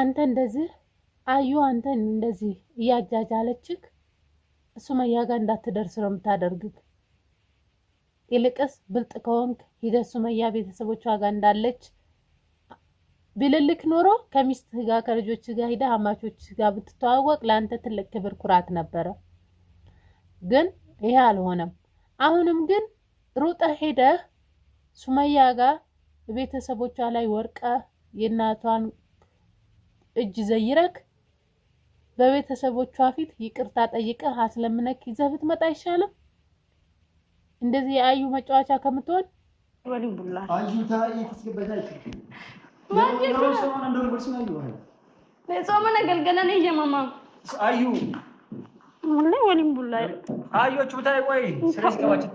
አንተ እንደዚህ አዩ አንተን እንደዚህ እያጃጃለችክ ሱመያ ጋር እንዳትደርስ ነው የምታደርግክ። ይልቅስ ብልጥ ከሆንክ ሂደህ ሱመያ ቤተሰቦቿ ጋር እንዳለች ብልልክ ኖሮ ከሚስትህ ጋር ከልጆች ጋር ሂደህ አማቾች ጋር ብትተዋወቅ ለአንተ ትልቅ ክብር ኩራት ነበረ። ግን ይሄ አልሆነም። አሁንም ግን ሩጠህ ሄደህ ሱመያ ጋር ቤተሰቦቿ ላይ ወርቀ የእናቷን እጅ ዘይረክ በቤተሰቦቿ ፊት ይቅርታ ጠይቀህ አስለምነክ ይዘህ ብትመጣ አይሻልም? እንደዚህ የአዩ መጫወቻ ከምትሆን አዩ ስለስከባችት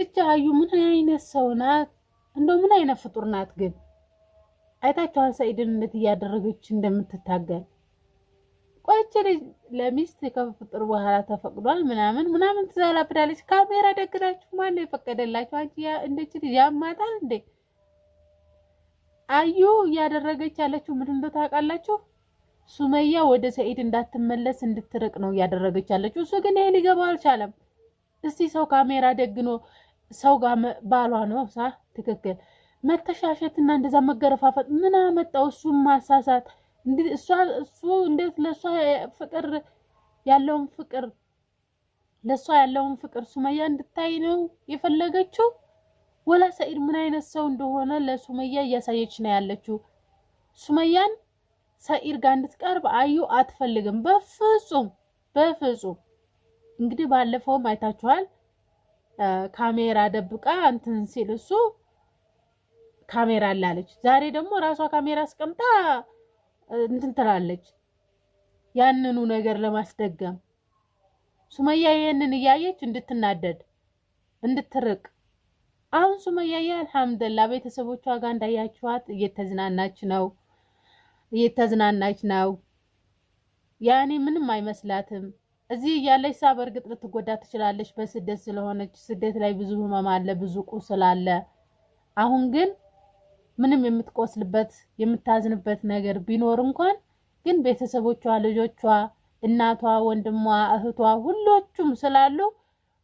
ብቻ አዩ ምን አይነት ሰው ናት? እንደ ምን አይነት ፍጡር ናት? ግን አይታችኋን ሰኢድን እንዴት እያደረገች እንደምትታገል ቆይቼ ልጅ ለሚስት ከፍጡር በኋላ ተፈቅዷል ምናምን ምናምን ትዛላብዳለች። ካሜራ ደግናችሁ ማን የፈቀደላችሁ? አንቺ እንደች ልጅ ያማጣል እንዴ? አዩ እያደረገች ያለችው ምን እንደ ታውቃላችሁ? ሱመያ ወደ ሰኢድ እንዳትመለስ እንድትርቅ ነው እያደረገች ያለችው። እሱ ግን ይሄ ሊገባው አልቻለም። እስቲ ሰው ካሜራ ደግኖ ሰው ጋር ባሏ ነው ሳ ትክክል መተሻሸት እና እንደዛ መገረፋፈጥ ምን አመጣው? እሱ ማሳሳት እሱ እንዴት ለእሷ ፍቅር ያለውን ፍቅር ለእሷ ያለውን ፍቅር ሱመያ እንድታይ ነው የፈለገችው ወላ ሰኢድ ምን አይነት ሰው እንደሆነ ለሱመያ እያሳየች ነው ያለችው። ሱመያን ሰኢድ ጋር እንድትቀርብ አዩ አትፈልግም፣ በፍጹም በፍጹም። እንግዲህ ባለፈውም አይታችኋል ካሜራ ደብቃ እንትን ሲል እሱ ካሜራ አላለች። ዛሬ ደግሞ ራሷ ካሜራ አስቀምጣ እንትን ትላለች። ያንኑ ነገር ለማስደገም ሱመያ ይህንን እያየች እንድትናደድ እንድትርቅ አሁን ሱመያዬ አልሐምዱላ ቤተሰቦቿ ጋር እንዳያችኋት እየተዝናናች ነው እየተዝናናች ነው። ያኔ ምንም አይመስላትም። እዚህ እያለች ሳ በእርግጥ ልትጎዳ ትችላለች፣ በስደት ስለሆነች ስደት ላይ ብዙ ህመም አለ፣ ብዙ ቁስል አለ። አሁን ግን ምንም የምትቆስልበት የምታዝንበት ነገር ቢኖር እንኳን ግን ቤተሰቦቿ፣ ልጆቿ፣ እናቷ፣ ወንድሟ፣ እህቷ ሁሎቹም ስላሉ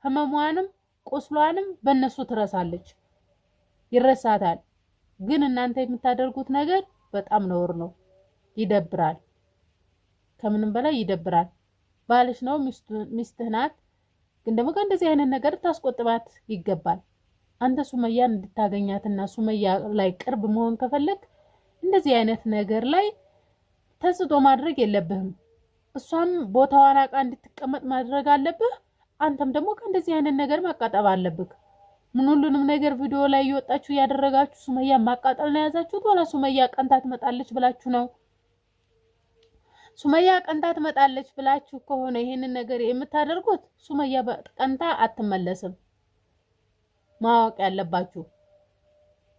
ህመሟንም ቁስሏንም በእነሱ ትረሳለች፣ ይረሳታል። ግን እናንተ የምታደርጉት ነገር በጣም ነውር ነው። ይደብራል፣ ከምንም በላይ ይደብራል። ባልሽ ነው፣ ሚስትህ ናት። ግን ደግሞ ከእንደዚህ አይነት ነገር ታስቆጥባት ይገባል። አንተ ሱመያን እንድታገኛትና ሱመያ ላይ ቅርብ መሆን ከፈለግ እንደዚህ አይነት ነገር ላይ ተጽዕኖ ማድረግ የለብህም። እሷም ቦታዋን አውቃ እንድትቀመጥ ማድረግ አለብህ። አንተም ደግሞ ከእንደዚህ አይነት ነገር ማቃጠብ አለብህ። ምን ሁሉንም ነገር ቪዲዮ ላይ እየወጣችሁ እያደረጋችሁ ሱመያ ማቃጠል ነው የያዛችሁት? ወላ ሱመያ ቀንታ ትመጣለች ብላችሁ ነው? ሱመያ ቀንታ ትመጣለች ብላችሁ ከሆነ ይሄንን ነገር የምታደርጉት ሱመያ ቀንታ አትመለስም። ማወቅ ያለባችሁ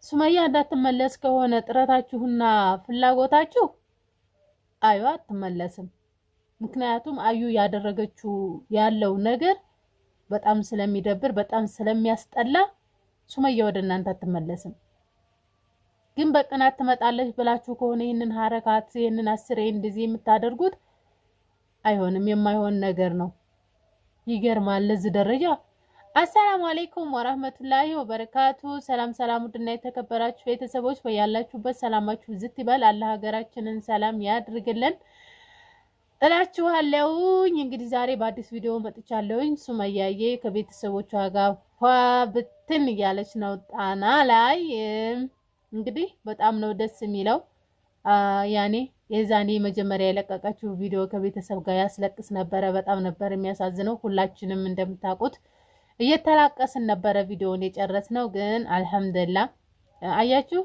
ሱመያ እንዳትመለስ ከሆነ ጥረታችሁና ፍላጎታችሁ አዩ አትመለስም። ምክንያቱም አዩ ያደረገችው ያለው ነገር በጣም ስለሚደብር፣ በጣም ስለሚያስጠላ ሱመያ ወደ እናንተ አትመለስም። ግን በቅናት ትመጣለች ብላችሁ ከሆነ ይህንን ሀረካት ይህንን አስሬ እንደዚህ የምታደርጉት አይሆንም፣ የማይሆን ነገር ነው። ይገርማል ለዚህ ደረጃ። አሰላሙ አለይኩም ወራህመቱላሂ ወበረካቱ። ሰላም ሰላም፣ ውድና የተከበራችሁ ቤተሰቦች በያላችሁበት ሰላማችሁ ዝት ይበል። አለ ሀገራችንን ሰላም ያድርግልን እላችኋለሁኝ። እንግዲህ ዛሬ በአዲስ ቪዲዮ መጥቻለሁኝ። ሱመያዬ ከቤተሰቦቿ ጋር ብትን እያለች ነው ጣና ላይ እንግዲህ በጣም ነው ደስ የሚለው። ያኔ የዛኔ መጀመሪያ የለቀቀችው ቪዲዮ ከቤተሰብ ጋር ያስለቅስ ነበረ። በጣም ነበር የሚያሳዝነው። ሁላችንም እንደምታውቁት እየተላቀስን ነበረ ቪዲዮውን የጨረስነው። ግን አልሐምዱላ አያችሁ፣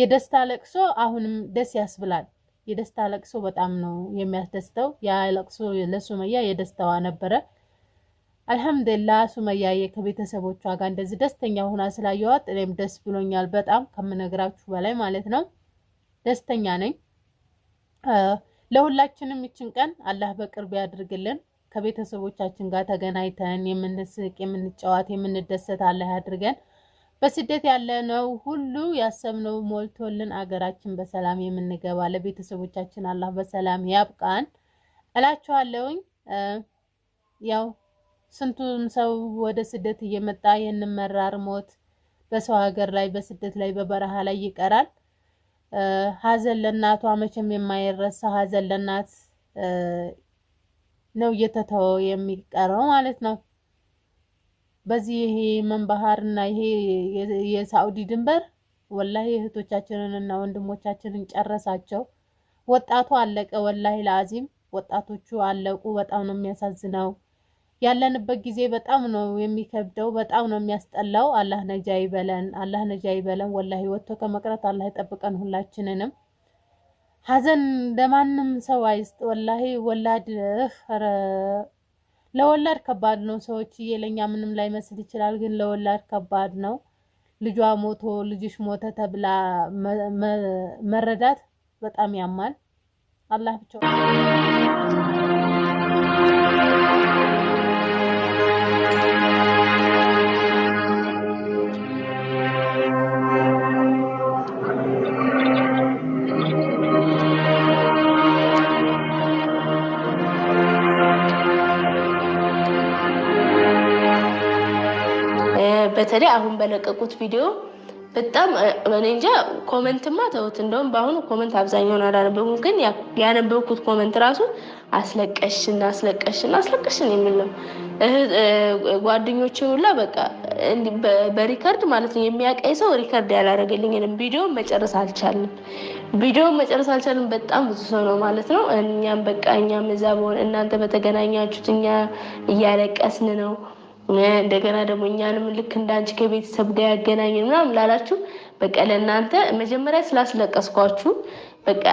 የደስታ ለቅሶ አሁንም ደስ ያስብላል። የደስታ ለቅሶ በጣም ነው የሚያስደስተው። ያ ለቅሶ ለሱመያ የደስታዋ ነበረ። አልሐምዱላ ሱመያዬ ከቤተሰቦቿ ጋር እንደዚህ ደስተኛ ሆና ስላየዋት እኔም ደስ ብሎኛል። በጣም ከምነግራችሁ በላይ ማለት ነው ደስተኛ ነኝ። ለሁላችንም ይችን ቀን አላህ በቅርብ ያድርግልን። ከቤተሰቦቻችን ጋር ተገናኝተን የምንስቅ፣ የምንጫወት፣ የምንደሰት አላህ ያድርገን። በስደት ያለነው ሁሉ ያሰብነው ሞልቶልን አገራችን በሰላም የምንገባ ለቤተሰቦቻችን አላህ በሰላም ያብቃን እላችኋለሁኝ ያው ስንቱም ሰው ወደ ስደት እየመጣ የንመራር ሞት በሰው ሀገር ላይ በስደት ላይ በበረሃ ላይ ይቀራል። ሀዘን ለእናቷ መቼም የማይረሳ ሀዘን ለእናት ነው እየተተወ የሚቀረው ማለት ነው። በዚህ ይሄ መንባሃር እና ይሄ የሳኡዲ ድንበር ወላሂ እህቶቻችንን እና ወንድሞቻችንን ጨረሳቸው። ወጣቱ አለቀ። ወላሂ ለአዚም ወጣቶቹ አለቁ። በጣም ነው የሚያሳዝነው። ያለንበት ጊዜ በጣም ነው የሚከብደው፣ በጣም ነው የሚያስጠላው። አላህ ነጃ ይበለን፣ አላህ ነጃ ይበለን። ወላሂ ወጥቶ ከመቅረት አላህ ይጠብቀን ሁላችንንም። ሀዘን ለማንም ሰው አይስጥ። ወላሂ ወላድ ለወላድ ከባድ ነው ሰዎችዬ። ለእኛ ምንም ላይመስል ይችላል፣ ግን ለወላድ ከባድ ነው። ልጇ ሞቶ ልጅሽ ሞተ ተብላ መረዳት በጣም ያማል። አላህ ብቻ በተለይ አሁን በለቀቁት ቪዲዮ በጣም እኔ እንጃ ኮመንትማ ተውት። እንደውም በአሁኑ ኮመንት አብዛኛውን አላነበብኩም፣ ግን ያነበብኩት ኮመንት ራሱ አስለቀሽን አስለቀሽን አስለቀሽን የሚል ነው። ጓደኞች ሁላ በቃ በሪከርድ ማለት ነው የሚያቀይ ሰው ሪከርድ ያላደረገልኝንም ቪዲዮ መጨረስ አልቻልንም። ቪዲዮ መጨረስ አልቻልንም። በጣም ብዙ ሰው ነው ማለት ነው። እኛም በቃ እኛም እዛ በሆን እናንተ በተገናኛችሁት እኛ እያለቀስን ነው እንደገና ደግሞ እኛንም ልክ እንዳንቺ ከቤተሰብ ጋር ያገናኘን ምናምን ላላችሁ በቃ ለእናንተ መጀመሪያ ስላስለቀስኳችሁ በቃ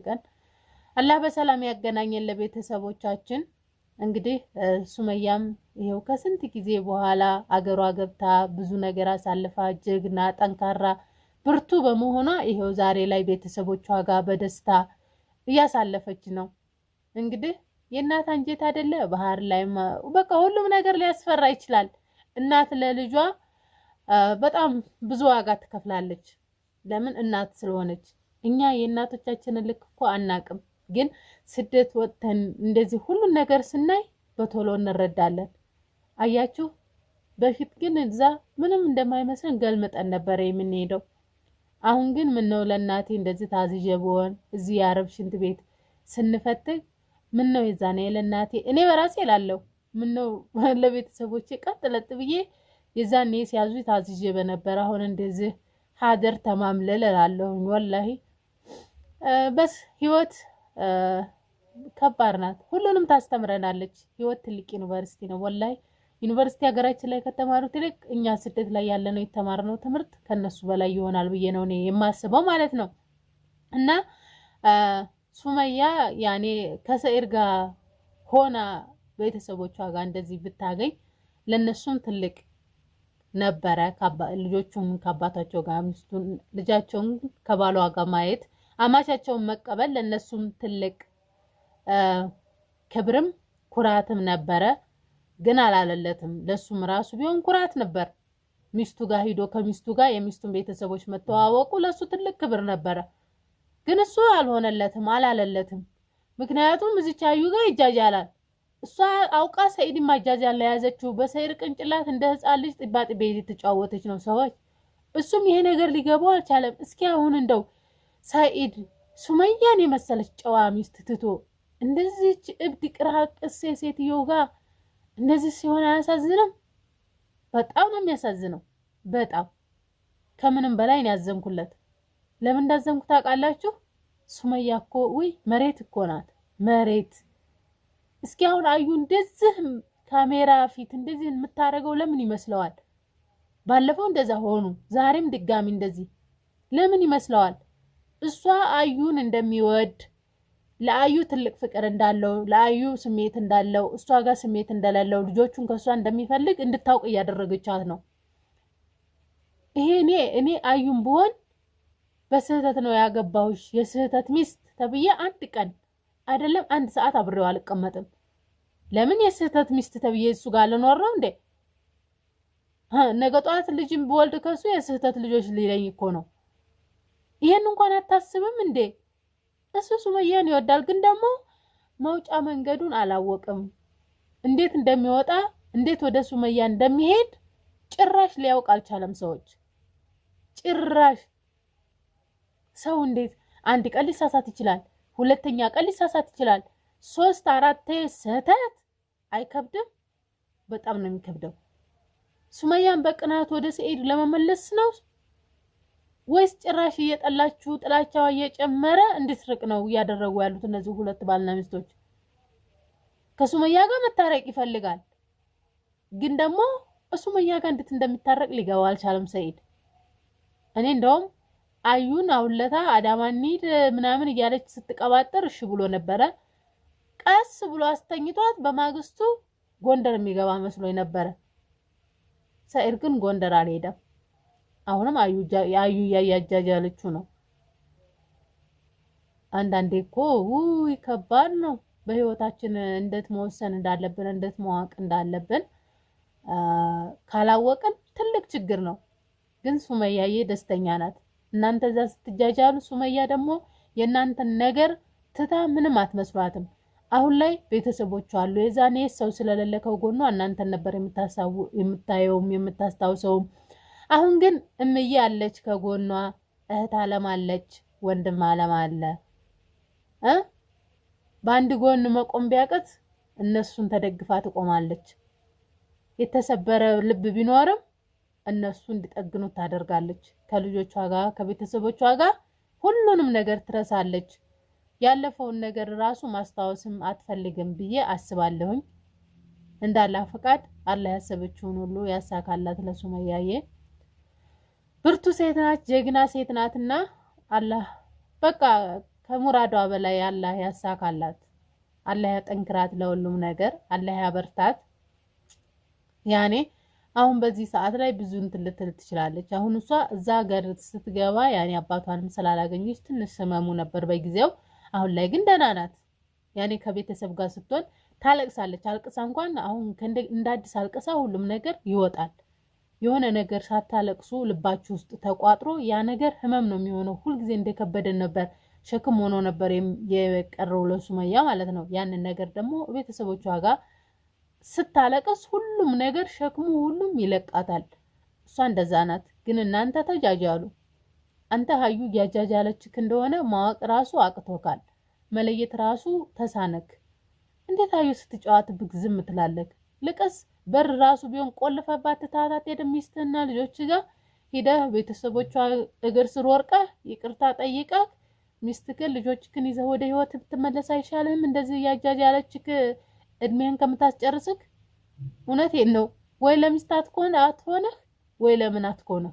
ይጠብቀን። አላህ በሰላም ያገናኘን ለቤተሰቦቻችን። እንግዲህ ሱመያም ይሄው ከስንት ጊዜ በኋላ አገሯ ገብታ ብዙ ነገር አሳልፋ ጀግና፣ ጠንካራ፣ ብርቱ በመሆኗ ይሄው ዛሬ ላይ ቤተሰቦቿ ጋር በደስታ እያሳለፈች ነው። እንግዲህ የእናት አንጀት አይደለ ባህር ላይ በቃ ሁሉም ነገር ሊያስፈራ ይችላል። እናት ለልጇ በጣም ብዙ ዋጋ ትከፍላለች። ለምን እናት ስለሆነች እኛ የእናቶቻችንን ልክ እኮ አናቅም፣ ግን ስደት ወጥተን እንደዚህ ሁሉን ነገር ስናይ በቶሎ እንረዳለን። አያችሁ፣ በፊት ግን እዛ ምንም እንደማይመስል ገልምጠን ነበረ የምንሄደው። አሁን ግን ምነው ለእናቴ እንደዚህ ታዝዤ ብሆን እዚህ የአረብ ሽንት ቤት ስንፈትግ ምን ነው የዛኔ ለእናቴ እኔ በራሴ እላለሁ ምን ነው ለቤተሰቦቼ ቀጥ ለጥ ብዬ የዛኔ ሲያዙ ታዝዤ በነበር። አሁን እንደዚህ ሀደር ተማምለል እላለሁኝ ወላሂ። በስ ህይወት ከባድ ናት። ሁሉንም ታስተምረናለች። ህይወት ትልቅ ዩኒቨርሲቲ ነው። ወላይ ዩኒቨርሲቲ ሀገራችን ላይ ከተማሩት ይልቅ እኛ ስደት ላይ ያለነው የተማርነው ትምህርት ከነሱ በላይ ይሆናል ብዬ ነው እኔ የማስበው ማለት ነው። እና ሱመያ ያኔ ከሰኢድ ጋር ሆና ቤተሰቦቿ ጋር እንደዚህ ብታገኝ ለነሱም ትልቅ ነበረ። ልጆቹን ከአባታቸው ጋር፣ ሚስቱን ልጃቸውን ከባሏ ጋር ማየት አማቻቸውን መቀበል ለእነሱም ትልቅ ክብርም ኩራትም ነበረ። ግን አላለለትም። ለሱም ራሱ ቢሆን ኩራት ነበር። ሚስቱ ጋር ሂዶ ከሚስቱ ጋር የሚስቱን ቤተሰቦች መተዋወቁ ለሱ ትልቅ ክብር ነበረ። ግን እሱ አልሆነለትም፣ አላለለትም። ምክንያቱም እዚች አዩ ጋር ይጃጃላል። እሷ አውቃ ሰኢድ ማጃጃል ለያዘችው በሰይድ ቅንጭላት እንደ ህፃን ልጅ ጥባጥቤ ልትጫወተች ነው ሰዎች። እሱም ይሄ ነገር ሊገባው አልቻለም። እስኪ አሁን እንደው ሳኢድ ሱመያን የመሰለች ጨዋ ሚስት ትቶ እንደዚች እብድ ቅርሃቅስ ሴትዮ ጋር እንደዚህ ሲሆን አያሳዝንም? በጣም ነው የሚያሳዝነው። በጣም ከምንም በላይ ነው ያዘንኩለት። ለምን እንዳዘንኩ ታውቃላችሁ? ሱመያ እኮ ውይ መሬት እኮ ናት መሬት። እስኪ አሁን አዩ እንደዚህ ካሜራ ፊት እንደዚህ የምታደርገው ለምን ይመስለዋል? ባለፈው እንደዛ ሆኑ፣ ዛሬም ድጋሚ እንደዚህ ለምን ይመስለዋል? እሷ አዩን እንደሚወድ ለአዩ ትልቅ ፍቅር እንዳለው ለአዩ ስሜት እንዳለው እሷ ጋር ስሜት እንደሌለው ልጆቹን ከእሷ እንደሚፈልግ እንድታውቅ እያደረገቻት ነው። ይሄ እኔ እኔ አዩን ብሆን በስህተት ነው ያገባሁሽ የስህተት ሚስት ተብዬ አንድ ቀን አይደለም አንድ ሰዓት አብሬው አልቀመጥም። ለምን የስህተት ሚስት ተብዬ እሱ ጋር ልኖር እንዴ? ነገ ጠዋት ልጅም ብወልድ ከሱ የስህተት ልጆች ሊለኝ እኮ ነው። ይሄን እንኳን አታስብም እንዴ? እሱ ሱመያን ይወዳል፣ ግን ደግሞ መውጫ መንገዱን አላወቅም። እንዴት እንደሚወጣ እንዴት ወደ ሱመያ እንደሚሄድ ጭራሽ ሊያውቅ አልቻለም። ሰዎች ጭራሽ ሰው እንዴት አንድ ቀን ሊሳሳት ይችላል፣ ሁለተኛ ቀን ሊሳሳት ይችላል፣ ሶስት አራቴ ስህተት አይከብድም? በጣም ነው የሚከብደው። ሱመያን በቅናት ወደ ሰኢድ ለመመለስ ነው ወይስ ጭራሽ እየጠላችሁ ጥላቻዋ እየጨመረ እንድትርቅ ነው እያደረጉ ያሉት? እነዚህ ሁለት ባልና ሚስቶች ከሱመያ ጋር መታረቅ ይፈልጋል፣ ግን ደግሞ ሱመያ ጋር እንዴት እንደሚታረቅ ሊገባ አልቻለም ሰኢድ። እኔ እንደውም አዩን አውለታ አዳማ እንሂድ ምናምን እያለች ስትቀባጠር እሺ ብሎ ነበረ። ቀስ ብሎ አስተኝቷት በማግስቱ ጎንደር የሚገባ መስሎ ነበረ። ሰኢድ ግን ጎንደር አልሄደም። አሁንም አዩ አዩ ነው። አንዳንዴ እኮ ውይ ከባድ ነው። በህይወታችን እንደት መወሰን እንዳለብን እንደት ማወቅ እንዳለብን ካላወቅን ትልቅ ችግር ነው። ግን ሱመያዬ ደስተኛ ናት። እናንተ እዛ ስትጃጃሉ፣ ሱመያ ደግሞ የእናንተን ነገር ትታ ምንም አትመስሏትም። አሁን ላይ ቤተሰቦች አሉ። የዛኔ ሰው ስለሌለ ከጎኗ እናንተን ነበር የምታየውም የምታስታውሰውም አሁን ግን እምዬ አለች ከጎኗ እህት አለም አለች ወንድም አለም አለ እ በአንድ ጎን መቆም ቢያቅት እነሱን ተደግፋ ትቆማለች። የተሰበረ ልብ ቢኖርም እነሱ እንዲጠግኑ ታደርጋለች። ከልጆቿ ጋር ከቤተሰቦቿ ጋር ሁሉንም ነገር ትረሳለች። ያለፈውን ነገር ራሱ ማስታወስም አትፈልግም ብዬ አስባለሁኝ። እንዳላ ፈቃድ ያሰበችውን ሁሉ ያሳካላት ለሱመያዬ። ብርቱ ሴት ናት፣ ጀግና ሴት ናትና አላህ በቃ ከሙራዷ በላይ አላህ ያሳካላት፣ አላህ ያጠንክራት፣ ለሁሉም ነገር አላህ ያበርታት። ያኔ አሁን በዚህ ሰዓት ላይ ብዙ እንትን ልትል ትችላለች። አሁን እሷ እዛ ሀገር ስትገባ ያኔ አባቷንም ስላላገኘች ትንሽ ህመሙ ነበር በጊዜው። አሁን ላይ ግን ደህና ናት። ያኔ ከቤተሰብ ጋር ስትሆን ታለቅሳለች። አልቅሳ እንኳን አሁን እንደ አዲስ አልቅሳ ሁሉም ነገር ይወጣል። የሆነ ነገር ሳታለቅሱ ልባችሁ ውስጥ ተቋጥሮ ያ ነገር ህመም ነው የሚሆነው። ሁልጊዜ እንደከበደን ነበር ሸክም ሆኖ ነበር የቀረው ለሱመያ ማለት ነው። ያንን ነገር ደግሞ ቤተሰቦቿ ጋር ስታለቅስ ሁሉም ነገር ሸክሙ ሁሉም ይለቃታል። እሷ እንደዛ ናት። ግን እናንተ ተጃጃሉ። አንተ ሀዩ እያጃጃለችክ እንደሆነ ማወቅ ራሱ አቅቶካል። መለየት ራሱ ተሳነክ። እንዴት ሀዩ ስትጫዋትብክ ዝም ትላለክ? ልቀስ በር ራሱ ቢሆን ቆልፈባት ትታታት ሄደ ሚስትና ልጆች ጋር ሂደህ ቤተሰቦቿ እግር ስር ወርቀህ ይቅርታ ጠይቀህ ሚስትክን ልጆችክን ይዘ ወደ ህይወት ብትመለስ አይሻልህም? እንደዚህ እያጃጅ ያለችክ እድሜህን ከምታስጨርስክ እውነቴን ነው። ወይ ለሚስት አትሆነ አትሆነህ ወይ ለምን አትሆነህ